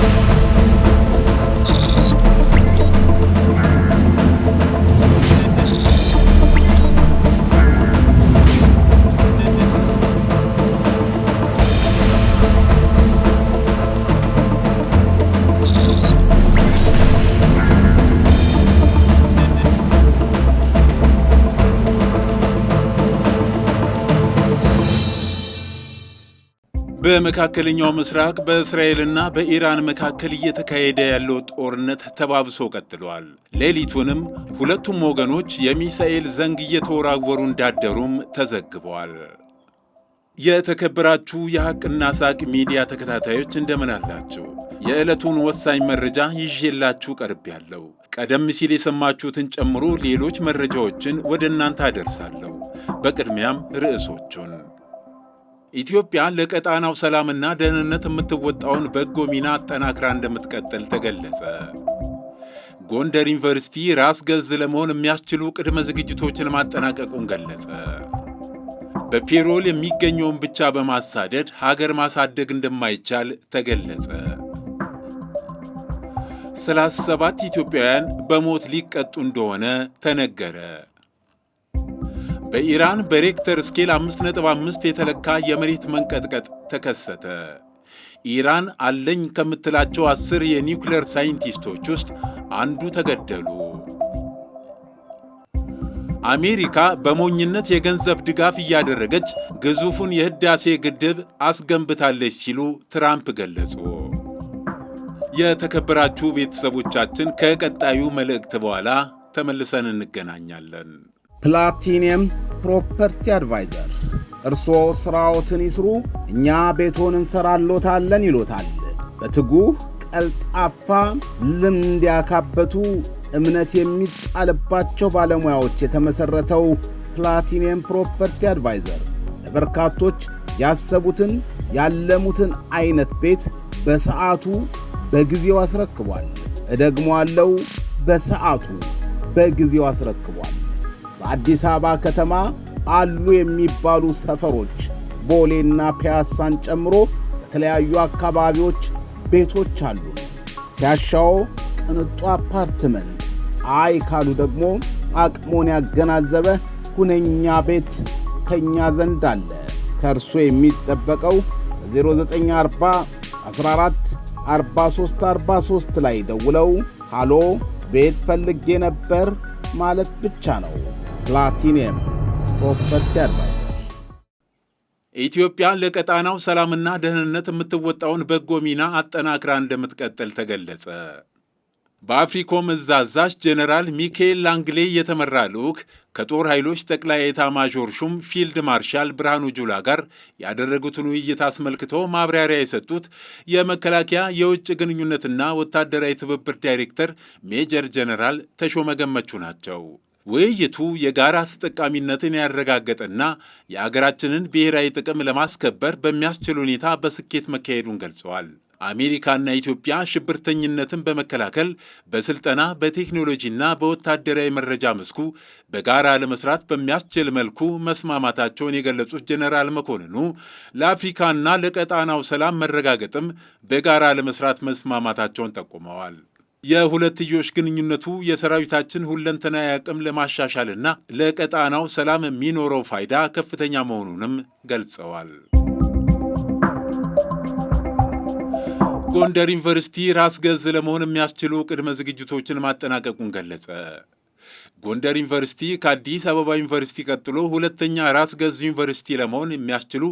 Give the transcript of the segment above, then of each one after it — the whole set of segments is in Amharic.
Thank you. በመካከለኛው ምስራቅ በእስራኤልና በኢራን መካከል እየተካሄደ ያለው ጦርነት ተባብሶ ቀጥሏል። ሌሊቱንም ሁለቱም ወገኖች የሚሳኤል ዘንግ እየተወራወሩ እንዳደሩም ተዘግበዋል። የተከበራችሁ የሐቅና ሳቅ ሚዲያ ተከታታዮች እንደምን አላችሁ? የዕለቱን ወሳኝ መረጃ ይዤላችሁ ያለው ቀደም ሲል የሰማችሁትን ጨምሮ ሌሎች መረጃዎችን ወደ እናንተ አደርሳለሁ። በቅድሚያም ርዕሶቹን ኢትዮጵያ ለቀጣናው ሰላምና ደህንነት የምትወጣውን በጎ ሚና አጠናክራ እንደምትቀጥል ተገለጸ። ጎንደር ዩኒቨርሲቲ ራስ ገዝ ለመሆን የሚያስችሉ ቅድመ ዝግጅቶችን ማጠናቀቁን ገለጸ። በፔሮል የሚገኘውን ብቻ በማሳደድ ሀገር ማሳደግ እንደማይቻል ተገለጸ። 37 ኢትዮጵያውያን በሞት ሊቀጡ እንደሆነ ተነገረ። በኢራን በሬክተር ስኬል 5.5 የተለካ የመሬት መንቀጥቀጥ ተከሰተ። ኢራን አለኝ ከምትላቸው አስር የኒውክሌር ሳይንቲስቶች ውስጥ አንዱ ተገደሉ። አሜሪካ በሞኝነት የገንዘብ ድጋፍ እያደረገች ግዙፉን የህዳሴ ግድብ አስገንብታለች ሲሉ ትራምፕ ገለጹ። የተከበራችሁ ቤተሰቦቻችን ከቀጣዩ መልእክት በኋላ ተመልሰን እንገናኛለን። ፕላቲኒየም ፕሮፐርቲ አድቫይዘር እርስዎ ሥራዎትን ይስሩ፣ እኛ ቤቶን እንሰራሎታለን ይሎታል። በትጉህ ቀልጣፋ፣ ልምድ ያካበቱ፣ እምነት የሚጣልባቸው ባለሙያዎች የተመሠረተው ፕላቲኒየም ፕሮፐርቲ አድቫይዘር ለበርካቶች ያሰቡትን ያለሙትን አይነት ቤት በሰዓቱ በጊዜው አስረክቧል። እደግሞ አለው በሰዓቱ በጊዜው አስረክቧል። በአዲስ አበባ ከተማ አሉ የሚባሉ ሰፈሮች ቦሌና ፒያሳን ጨምሮ በተለያዩ አካባቢዎች ቤቶች አሉ። ሲያሻው ቅንጡ አፓርትመንት፣ አይ ካሉ ደግሞ አቅሞን ያገናዘበ ሁነኛ ቤት ከኛ ዘንድ አለ። ከእርሶ የሚጠበቀው በ0940 14 43 43 ላይ ደውለው ሃሎ ቤት ፈልጌ ነበር ማለት ብቻ ነው። ፕላቲኒየም ፕሮፐርቲ ኢትዮጵያ ለቀጣናው ሰላምና ደህንነት የምትወጣውን በጎ ሚና አጠናክራ እንደምትቀጥል ተገለጸ። በአፍሪኮም እዝ አዛዥ ጄኔራል ሚካኤል ላንግሌ የተመራ ልዑክ ከጦር ኃይሎች ጠቅላይ ማዦር ሹም ፊልድ ማርሻል ብርሃኑ ጁላ ጋር ያደረጉትን ውይይት አስመልክቶ ማብራሪያ የሰጡት የመከላከያ የውጭ ግንኙነትና ወታደራዊ ትብብር ዳይሬክተር ሜጀር ጄኔራል ተሾመ ገመቹ ናቸው። ውይይቱ የጋራ ተጠቃሚነትን ያረጋገጠና የአገራችንን ብሔራዊ ጥቅም ለማስከበር በሚያስችል ሁኔታ በስኬት መካሄዱን ገልጸዋል። አሜሪካና ኢትዮጵያ ሽብርተኝነትን በመከላከል በስልጠና በቴክኖሎጂና በወታደራዊ መረጃ መስኩ በጋራ ለመስራት በሚያስችል መልኩ መስማማታቸውን የገለጹት ጄኔራል መኮንኑ ለአፍሪካና ለቀጣናው ሰላም መረጋገጥም በጋራ ለመስራት መስማማታቸውን ጠቁመዋል። የሁለትዮሽ ግንኙነቱ የሰራዊታችን ሁለንተናዊ አቅም ለማሻሻልና ለቀጣናው ሰላም የሚኖረው ፋይዳ ከፍተኛ መሆኑንም ገልጸዋል። ጎንደር ዩኒቨርሲቲ ራስ ገዝ ለመሆን የሚያስችሉ ቅድመ ዝግጅቶችን ማጠናቀቁን ገለጸ። ጎንደር ዩኒቨርሲቲ ከአዲስ አበባ ዩኒቨርሲቲ ቀጥሎ ሁለተኛ ራስ ገዝ ዩኒቨርሲቲ ለመሆን የሚያስችሉ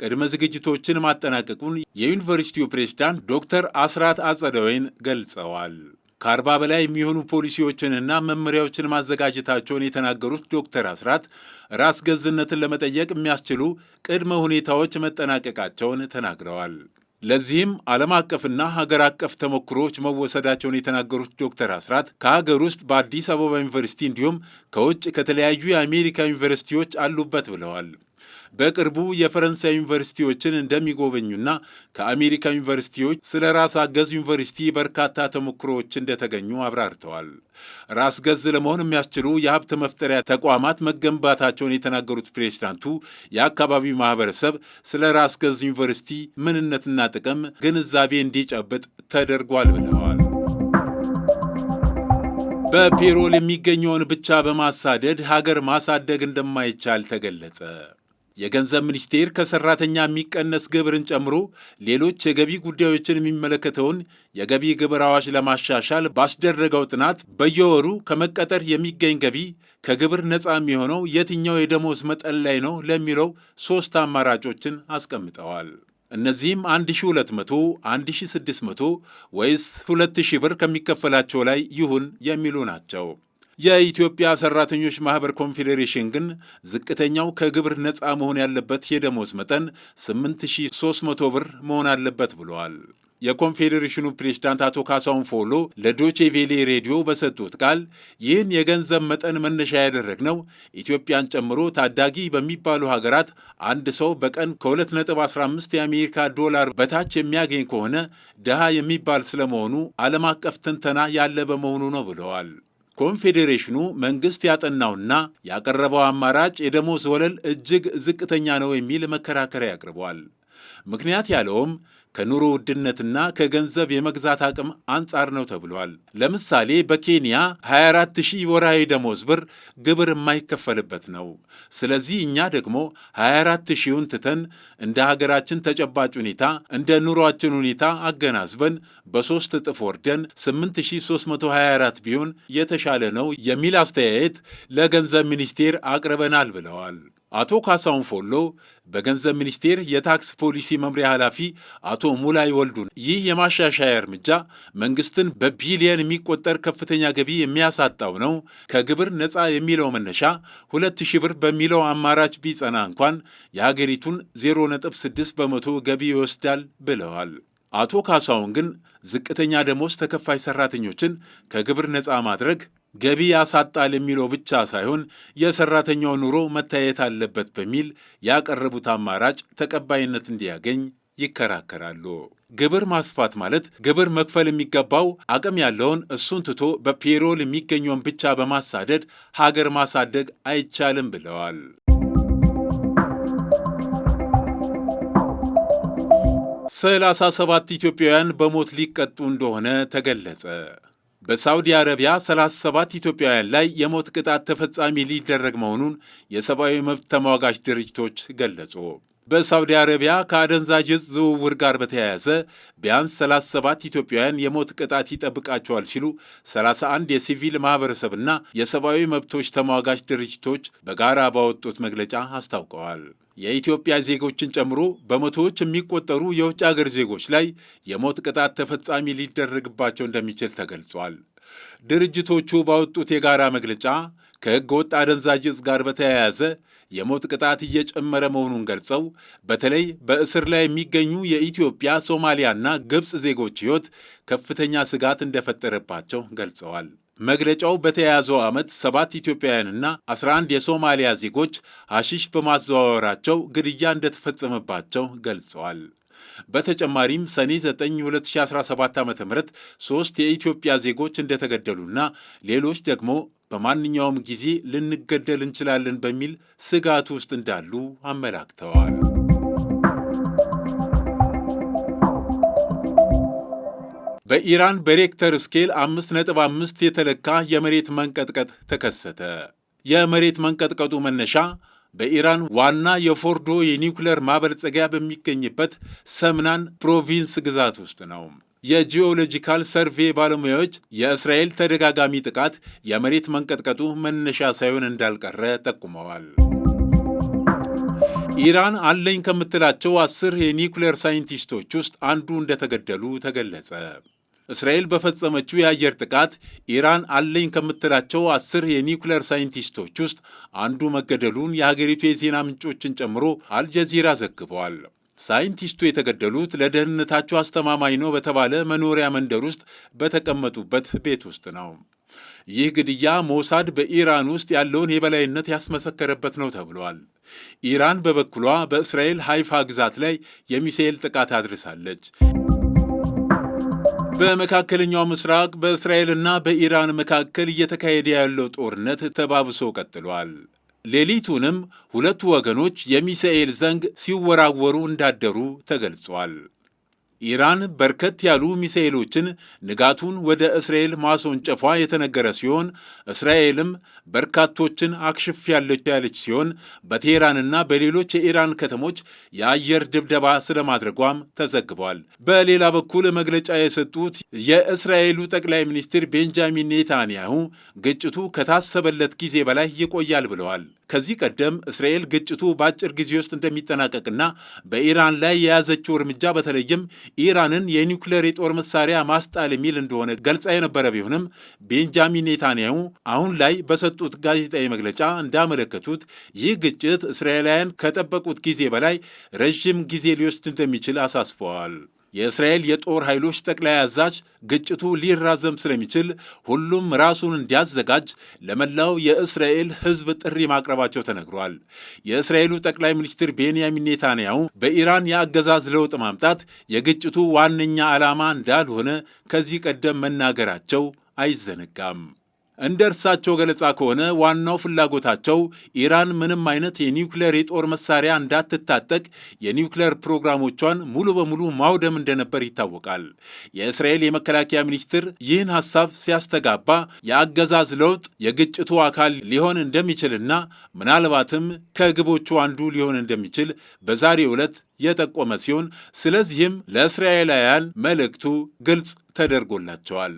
ቅድመ ዝግጅቶችን ማጠናቀቁን የዩኒቨርሲቲው ፕሬዝዳንት ዶክተር አስራት አጸደወይን ገልጸዋል። ከአርባ በላይ የሚሆኑ ፖሊሲዎችንና መመሪያዎችን ማዘጋጀታቸውን የተናገሩት ዶክተር አስራት ራስ ገዝነትን ለመጠየቅ የሚያስችሉ ቅድመ ሁኔታዎች መጠናቀቃቸውን ተናግረዋል። ለዚህም ዓለም አቀፍና ሀገር አቀፍ ተሞክሮዎች መወሰዳቸውን የተናገሩት ዶክተር አስራት ከሀገር ውስጥ በአዲስ አበባ ዩኒቨርሲቲ እንዲሁም ከውጭ ከተለያዩ የአሜሪካ ዩኒቨርሲቲዎች አሉበት ብለዋል። በቅርቡ የፈረንሳይ ዩኒቨርሲቲዎችን እንደሚጎበኙና ከአሜሪካ ዩኒቨርሲቲዎች ስለ ራስ አገዝ ዩኒቨርሲቲ በርካታ ተሞክሮዎች እንደተገኙ አብራርተዋል። ራስ ገዝ ለመሆን የሚያስችሉ የሀብት መፍጠሪያ ተቋማት መገንባታቸውን የተናገሩት ፕሬዚዳንቱ የአካባቢው ማህበረሰብ ስለ ራስ ገዝ ዩኒቨርሲቲ ምንነትና ጥቅም ግንዛቤ እንዲጨብጥ ተደርጓል ብለዋል። በፔሮል የሚገኘውን ብቻ በማሳደድ ሀገር ማሳደግ እንደማይቻል ተገለጸ። የገንዘብ ሚኒስቴር ከሰራተኛ የሚቀነስ ግብርን ጨምሮ ሌሎች የገቢ ጉዳዮችን የሚመለከተውን የገቢ ግብር አዋጅ ለማሻሻል ባስደረገው ጥናት በየወሩ ከመቀጠር የሚገኝ ገቢ ከግብር ነፃ የሚሆነው የትኛው የደሞዝ መጠን ላይ ነው ለሚለው ሦስት አማራጮችን አስቀምጠዋል። እነዚህም 1200፣ 1600 ወይስ 2000 ብር ከሚከፈላቸው ላይ ይሁን የሚሉ ናቸው። የኢትዮጵያ ሰራተኞች ማህበር ኮንፌዴሬሽን ግን ዝቅተኛው ከግብር ነፃ መሆን ያለበት የደሞዝ መጠን 8300 ብር መሆን አለበት ብለዋል። የኮንፌዴሬሽኑ ፕሬዝዳንት አቶ ካሳሁን ፎሎ ለዶቼ ቬሌ ሬዲዮ በሰጡት ቃል ይህን የገንዘብ መጠን መነሻ ያደረግነው ኢትዮጵያን ጨምሮ ታዳጊ በሚባሉ ሀገራት አንድ ሰው በቀን ከ2.15 የአሜሪካ ዶላር በታች የሚያገኝ ከሆነ ድሃ የሚባል ስለመሆኑ ዓለም አቀፍ ትንተና ያለ በመሆኑ ነው ብለዋል። ኮንፌዴሬሽኑ መንግስት ያጠናውና ያቀረበው አማራጭ የደሞዝ ወለል እጅግ ዝቅተኛ ነው የሚል መከራከሪያ ያቅርበዋል። ምክንያት ያለውም ከኑሮ ውድነትና ከገንዘብ የመግዛት አቅም አንጻር ነው ተብሏል። ለምሳሌ በኬንያ 24000 ሺህ ደሞዝ ብር ግብር የማይከፈልበት ነው። ስለዚህ እኛ ደግሞ 24 ሺውን ትተን እንደ ሀገራችን ተጨባጭ ሁኔታ እንደ ኑሯችን ሁኔታ አገናዝበን በሶስት እጥፍ ወርደን 8324 ቢሆን የተሻለ ነው የሚል አስተያየት ለገንዘብ ሚኒስቴር አቅርበናል ብለዋል። አቶ ካሳውን ፎሎ በገንዘብ ሚኒስቴር የታክስ ፖሊሲ መምሪያ ኃላፊ አቶ ሙላይ ወልዱን ይህ የማሻሻያ እርምጃ መንግስትን በቢሊየን የሚቆጠር ከፍተኛ ገቢ የሚያሳጣው ነው፣ ከግብር ነፃ የሚለው መነሻ ሁለት ሺህ ብር በሚለው አማራጭ ቢጸና እንኳን የሀገሪቱን 0.6 በመቶ ገቢ ይወስዳል ብለዋል። አቶ ካሳሁን ግን ዝቅተኛ ደሞዝ ተከፋይ ሰራተኞችን ከግብር ነፃ ማድረግ ገቢ ያሳጣል የሚለው ብቻ ሳይሆን የሰራተኛው ኑሮ መታየት አለበት በሚል ያቀረቡት አማራጭ ተቀባይነት እንዲያገኝ ይከራከራሉ። ግብር ማስፋት ማለት ግብር መክፈል የሚገባው አቅም ያለውን እሱን ትቶ በፔሮል የሚገኘውን ብቻ በማሳደድ ሀገር ማሳደግ አይቻልም ብለዋል። ሰላሳ ሰባት ኢትዮጵያውያን በሞት ሊቀጡ እንደሆነ ተገለጸ። በሳውዲ አረቢያ 37 ኢትዮጵያውያን ላይ የሞት ቅጣት ተፈጻሚ ሊደረግ መሆኑን የሰብአዊ መብት ተሟጋች ድርጅቶች ገለጹ። በሳውዲ አረቢያ ከአደንዛዥ ዝውውር ጋር በተያያዘ ቢያንስ 37 ኢትዮጵያውያን የሞት ቅጣት ይጠብቃቸዋል ሲሉ 31 የሲቪል ማኅበረሰብና የሰብአዊ መብቶች ተሟጋች ድርጅቶች በጋራ ባወጡት መግለጫ አስታውቀዋል። የኢትዮጵያ ዜጎችን ጨምሮ በመቶዎች የሚቆጠሩ የውጭ አገር ዜጎች ላይ የሞት ቅጣት ተፈጻሚ ሊደረግባቸው እንደሚችል ተገልጿል። ድርጅቶቹ ባወጡት የጋራ መግለጫ ከሕገ ወጥ አደንዛዥ ጋር በተያያዘ የሞት ቅጣት እየጨመረ መሆኑን ገልጸው በተለይ በእስር ላይ የሚገኙ የኢትዮጵያ ሶማሊያና ግብፅ ዜጎች ሕይወት ከፍተኛ ስጋት እንደፈጠረባቸው ገልጸዋል። መግለጫው በተያያዘው ዓመት ሰባት ኢትዮጵያውያንና 11 የሶማሊያ ዜጎች አሺሽ በማዘዋወራቸው ግድያ እንደተፈጸመባቸው ገልጸዋል። በተጨማሪም ሰኔ 9 2017 ዓ ም ሦስት የኢትዮጵያ ዜጎች እንደተገደሉና ሌሎች ደግሞ በማንኛውም ጊዜ ልንገደል እንችላለን በሚል ስጋት ውስጥ እንዳሉ አመላክተዋል። በኢራን በሬክተር ስኬል 5.5 የተለካ የመሬት መንቀጥቀጥ ተከሰተ። የመሬት መንቀጥቀጡ መነሻ በኢራን ዋና የፎርዶ የኒውክሌር ማበልጸጊያ በሚገኝበት ሰምናን ፕሮቪንስ ግዛት ውስጥ ነው። የጂኦሎጂካል ሰርቬ ባለሙያዎች የእስራኤል ተደጋጋሚ ጥቃት የመሬት መንቀጥቀጡ መነሻ ሳይሆን እንዳልቀረ ጠቁመዋል። ኢራን አለኝ ከምትላቸው አስር የኒውክሌር ሳይንቲስቶች ውስጥ አንዱ እንደተገደሉ ተገለጸ። እስራኤል በፈጸመችው የአየር ጥቃት ኢራን አለኝ ከምትላቸው አስር የኒውክሌር ሳይንቲስቶች ውስጥ አንዱ መገደሉን የሀገሪቱ የዜና ምንጮችን ጨምሮ አልጀዚራ ዘግበዋል። ሳይንቲስቱ የተገደሉት ለደህንነታቸው አስተማማኝ ነው በተባለ መኖሪያ መንደር ውስጥ በተቀመጡበት ቤት ውስጥ ነው። ይህ ግድያ ሞሳድ በኢራን ውስጥ ያለውን የበላይነት ያስመሰከረበት ነው ተብሏል። ኢራን በበኩሏ በእስራኤል ሃይፋ ግዛት ላይ የሚሳኤል ጥቃት አድርሳለች። በመካከለኛው ምስራቅ በእስራኤልና በኢራን መካከል እየተካሄደ ያለው ጦርነት ተባብሶ ቀጥሏል። ሌሊቱንም ሁለቱ ወገኖች የሚሳኤል ዘንግ ሲወራወሩ እንዳደሩ ተገልጿል። ኢራን በርከት ያሉ ሚሳኤሎችን ንጋቱን ወደ እስራኤል ማስወንጨፏ የተነገረ ሲሆን እስራኤልም በርካቶችን አክሽፍ ያለች ያለች ሲሆን በቴሄራንና በሌሎች የኢራን ከተሞች የአየር ድብደባ ስለማድረጓም ተዘግቧል። በሌላ በኩል መግለጫ የሰጡት የእስራኤሉ ጠቅላይ ሚኒስትር ቤንጃሚን ኔታንያሁ ግጭቱ ከታሰበለት ጊዜ በላይ ይቆያል ብለዋል። ከዚህ ቀደም እስራኤል ግጭቱ በአጭር ጊዜ ውስጥ እንደሚጠናቀቅና በኢራን ላይ የያዘችው እርምጃ በተለይም ኢራንን የኒውክሌር የጦር መሳሪያ ማስጣል የሚል እንደሆነ ገልጻ የነበረ ቢሆንም ቤንጃሚን ኔታንያሁ አሁን ላይ በሰጡት ጋዜጣዊ መግለጫ እንዳመለከቱት ይህ ግጭት እስራኤላውያን ከጠበቁት ጊዜ በላይ ረዥም ጊዜ ሊወስድ እንደሚችል አሳስበዋል። የእስራኤል የጦር ኃይሎች ጠቅላይ አዛዥ ግጭቱ ሊራዘም ስለሚችል ሁሉም ራሱን እንዲያዘጋጅ ለመላው የእስራኤል ሕዝብ ጥሪ ማቅረባቸው ተነግሯል። የእስራኤሉ ጠቅላይ ሚኒስትር ቤንያሚን ኔታንያሁ በኢራን የአገዛዝ ለውጥ ማምጣት የግጭቱ ዋነኛ ዓላማ እንዳልሆነ ከዚህ ቀደም መናገራቸው አይዘነጋም። እንደ እርሳቸው ገለጻ ከሆነ ዋናው ፍላጎታቸው ኢራን ምንም አይነት የኒውክሌር የጦር መሳሪያ እንዳትታጠቅ የኒውክሌር ፕሮግራሞቿን ሙሉ በሙሉ ማውደም እንደነበር ይታወቃል። የእስራኤል የመከላከያ ሚኒስትር ይህን ሐሳብ ሲያስተጋባ የአገዛዝ ለውጥ የግጭቱ አካል ሊሆን እንደሚችልና ምናልባትም ከግቦቹ አንዱ ሊሆን እንደሚችል በዛሬው ዕለት የጠቆመ ሲሆን ስለዚህም ለእስራኤላውያን መልእክቱ ግልጽ ተደርጎላቸዋል።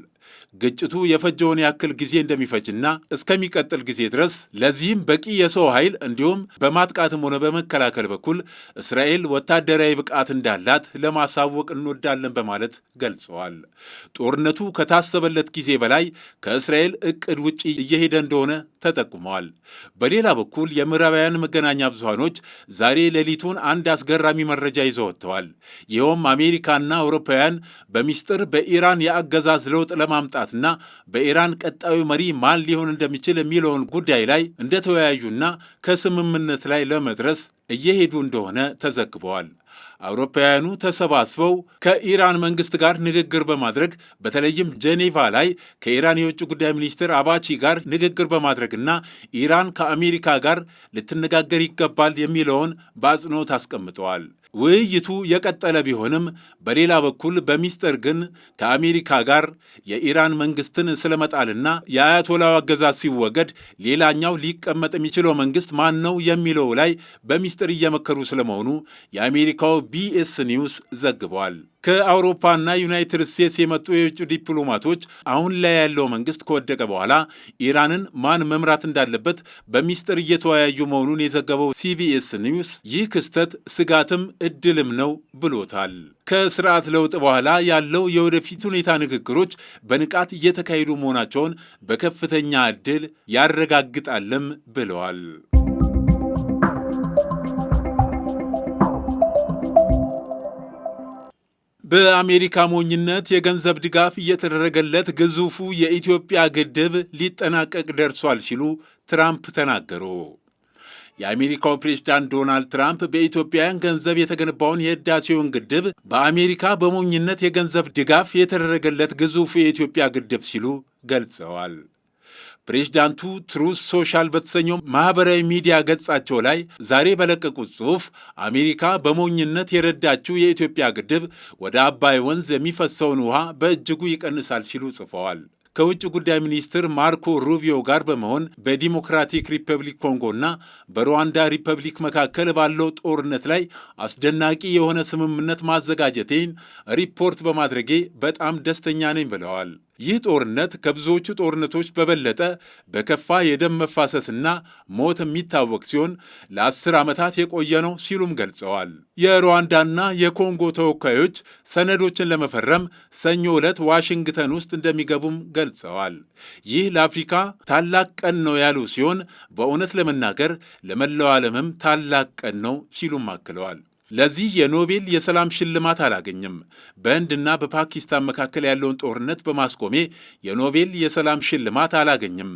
ግጭቱ የፈጀውን ያክል ጊዜ እንደሚፈጅና እስከሚቀጥል ጊዜ ድረስ ለዚህም በቂ የሰው ኃይል እንዲሁም በማጥቃትም ሆነ በመከላከል በኩል እስራኤል ወታደራዊ ብቃት እንዳላት ለማሳወቅ እንወዳለን በማለት ገልጸዋል። ጦርነቱ ከታሰበለት ጊዜ በላይ ከእስራኤል እቅድ ውጪ እየሄደ እንደሆነ ተጠቁመዋል። በሌላ በኩል የምዕራባውያን መገናኛ ብዙሃኖች ዛሬ ሌሊቱን አንድ አስገራሚ መረጃ ይዘው ወጥተዋል። ይኸውም አሜሪካና አውሮፓውያን በሚስጥር በኢራን የአገዛዝ ለውጥ ለማምጣት መምጣትና በኢራን ቀጣዩ መሪ ማን ሊሆን እንደሚችል የሚለውን ጉዳይ ላይ እንደተወያዩና ከስምምነት ላይ ለመድረስ እየሄዱ እንደሆነ ተዘግበዋል። አውሮፓውያኑ ተሰባስበው ከኢራን መንግስት ጋር ንግግር በማድረግ በተለይም ጄኔቫ ላይ ከኢራን የውጭ ጉዳይ ሚኒስትር አባቺ ጋር ንግግር በማድረግና ኢራን ከአሜሪካ ጋር ልትነጋገር ይገባል የሚለውን በአጽንኦት አስቀምጠዋል። ውይይቱ የቀጠለ ቢሆንም በሌላ በኩል በሚስጥር ግን ከአሜሪካ ጋር የኢራን መንግስትን ስለመጣልና የአያቶላው አገዛዝ ሲወገድ ሌላኛው ሊቀመጥ የሚችለው መንግስት ማን ነው የሚለው ላይ በሚስጥር እየመከሩ ስለመሆኑ የአሜሪካው ቢኤስ ኒውስ ዘግቧል። ከአውሮፓና ዩናይትድ ስቴትስ የመጡ የውጭ ዲፕሎማቶች አሁን ላይ ያለው መንግስት ከወደቀ በኋላ ኢራንን ማን መምራት እንዳለበት በሚስጥር እየተወያዩ መሆኑን የዘገበው ሲቢኤስ ኒውስ ይህ ክስተት ስጋትም እድልም ነው ብሎታል። ከስርዓት ለውጥ በኋላ ያለው የወደፊት ሁኔታ ንግግሮች በንቃት እየተካሄዱ መሆናቸውን በከፍተኛ እድል ያረጋግጣልም ብለዋል። በአሜሪካ ሞኝነት የገንዘብ ድጋፍ እየተደረገለት ግዙፉ የኢትዮጵያ ግድብ ሊጠናቀቅ ደርሷል ሲሉ ትራምፕ ተናገሩ። የአሜሪካው ፕሬዝዳንት ዶናልድ ትራምፕ በኢትዮጵያውያን ገንዘብ የተገነባውን የህዳሴውን ግድብ በአሜሪካ በሞኝነት የገንዘብ ድጋፍ የተደረገለት ግዙፉ የኢትዮጵያ ግድብ ሲሉ ገልጸዋል። ፕሬዚዳንቱ ትሩስ ሶሻል በተሰኘው ማኅበራዊ ሚዲያ ገጻቸው ላይ ዛሬ በለቀቁት ጽሑፍ አሜሪካ በሞኝነት የረዳችው የኢትዮጵያ ግድብ ወደ አባይ ወንዝ የሚፈሰውን ውሃ በእጅጉ ይቀንሳል ሲሉ ጽፈዋል። ከውጭ ጉዳይ ሚኒስትር ማርኮ ሩቢዮ ጋር በመሆን በዲሞክራቲክ ሪፐብሊክ ኮንጎና በሩዋንዳ ሪፐብሊክ መካከል ባለው ጦርነት ላይ አስደናቂ የሆነ ስምምነት ማዘጋጀቴን ሪፖርት በማድረጌ በጣም ደስተኛ ነኝ ብለዋል። ይህ ጦርነት ከብዙዎቹ ጦርነቶች በበለጠ በከፋ የደም መፋሰስና ሞት የሚታወቅ ሲሆን ለአስር ዓመታት የቆየ ነው ሲሉም ገልጸዋል። የሩዋንዳና የኮንጎ ተወካዮች ሰነዶችን ለመፈረም ሰኞ ዕለት ዋሽንግተን ውስጥ እንደሚገቡም ገልጸዋል። ይህ ለአፍሪካ ታላቅ ቀን ነው ያሉ ሲሆን በእውነት ለመናገር ለመላው ዓለምም ታላቅ ቀን ነው ሲሉም አክለዋል። ለዚህ የኖቤል የሰላም ሽልማት አላገኝም። በህንድና በፓኪስታን መካከል ያለውን ጦርነት በማስቆሜ የኖቤል የሰላም ሽልማት አላገኝም።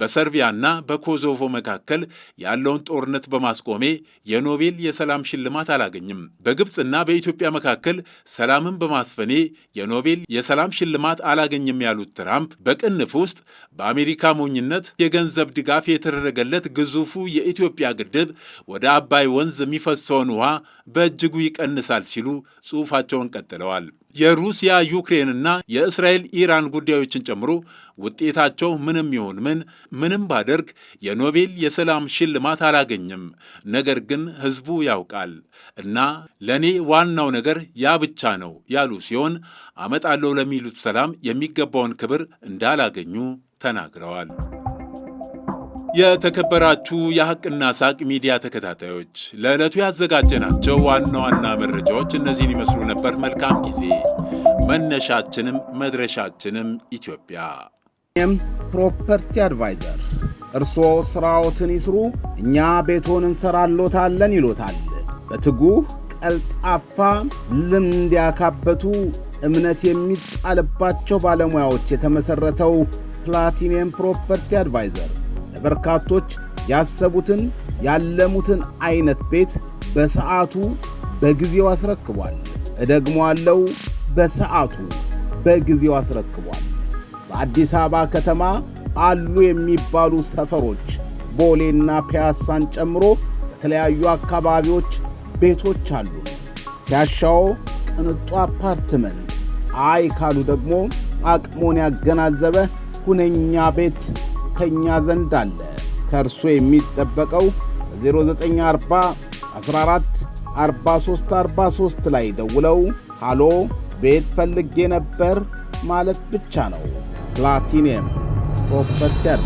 በሰርቢያና በኮሶቮ መካከል ያለውን ጦርነት በማስቆሜ የኖቤል የሰላም ሽልማት አላገኝም። በግብፅና በኢትዮጵያ መካከል ሰላምን በማስፈኔ የኖቤል የሰላም ሽልማት አላገኝም ያሉት ትራምፕ በቅንፍ ውስጥ በአሜሪካ ሞኝነት የገንዘብ ድጋፍ የተደረገለት ግዙፉ የኢትዮጵያ ግድብ ወደ አባይ ወንዝ የሚፈሰውን ውሃ በእጅጉ ይቀንሳል ሲሉ ጽሑፋቸውን ቀጥለዋል። የሩሲያ ዩክሬንና የእስራኤል ኢራን ጉዳዮችን ጨምሮ ውጤታቸው ምንም ይሁን ምን ምንም ባደርግ የኖቤል የሰላም ሽልማት አላገኝም። ነገር ግን ሕዝቡ ያውቃል እና ለእኔ ዋናው ነገር ያ ብቻ ነው ያሉ ሲሆን አመጣለሁ ለሚሉት ሰላም የሚገባውን ክብር እንዳላገኙ ተናግረዋል። የተከበራችሁ የሐቅና ሳቅ ሚዲያ ተከታታዮች ለዕለቱ ያዘጋጀናቸው ዋና ዋና መረጃዎች እነዚህን ይመስሉ ነበር። መልካም ጊዜ። መነሻችንም መድረሻችንም ኢትዮጵያ። እኔም ፕሮፐርቲ አድቫይዘር እርስዎ ሥራዎትን ይስሩ፣ እኛ ቤቶን እንሰራሎታለን ይሎታል። በትጉህ ቀልጣፋ፣ ልምድ ያካበቱ እምነት የሚጣልባቸው ባለሙያዎች የተመሠረተው ፕላቲኒየም ፕሮፐርቲ አድቫይዘር በርካቶች ያሰቡትን ያለሙትን አይነት ቤት በሰዓቱ በጊዜው አስረክቧል። እደግሞ አለው በሰዓቱ በጊዜው አስረክቧል። በአዲስ አበባ ከተማ አሉ የሚባሉ ሰፈሮች ቦሌና ፒያሳን ጨምሮ በተለያዩ አካባቢዎች ቤቶች አሉ። ሲያሻው ቅንጡ አፓርትመንት፣ አይ ካሉ ደግሞ አቅሞን ያገናዘበ ሁነኛ ቤት ከእኛ ዘንድ አለ። ከእርሱ የሚጠበቀው በ0940 14 43 ላይ ደውለው ሃሎ ቤት ፈልጌ ነበር ማለት ብቻ ነው። ፕላቲኒየም ፕሮፐርቲ